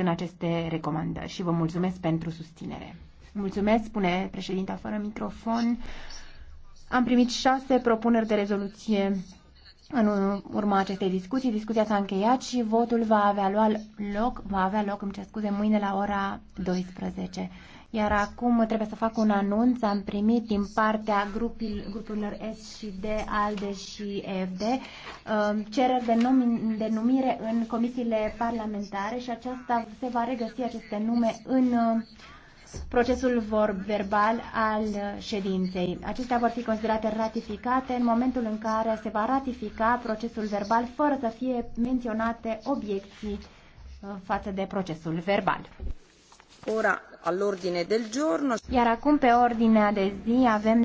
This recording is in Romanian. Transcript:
în aceste recomandări și vă mulțumesc pentru susținere. Mulțumesc, spune președinta fără microfon. Am primit șase propuneri de rezoluție în urma acestei discuții. Discuția s-a încheiat și votul va avea loc, va avea loc, îmi cer scuze, mâine la ora 12. Iar acum trebuie să fac un anunț. Am primit din partea grupil, grupurilor S și D, ALDE și EFD, uh, cereri de, numi, de numire în comisiile parlamentare și aceasta se va regăsi aceste nume în uh, procesul verbal al ședinței. Acestea vor fi considerate ratificate în momentul în care se va ratifica procesul verbal fără să fie menționate obiecții uh, față de procesul verbal. Ora all'ordine del giorno. Iar acum pe ordinea de zi avem